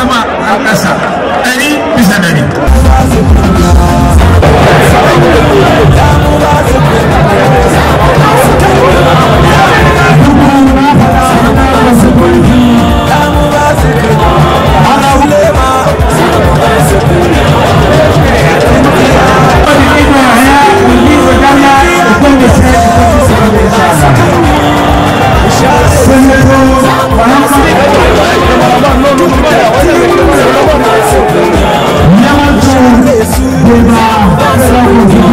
chama a caçada. 对由吧，自由吧。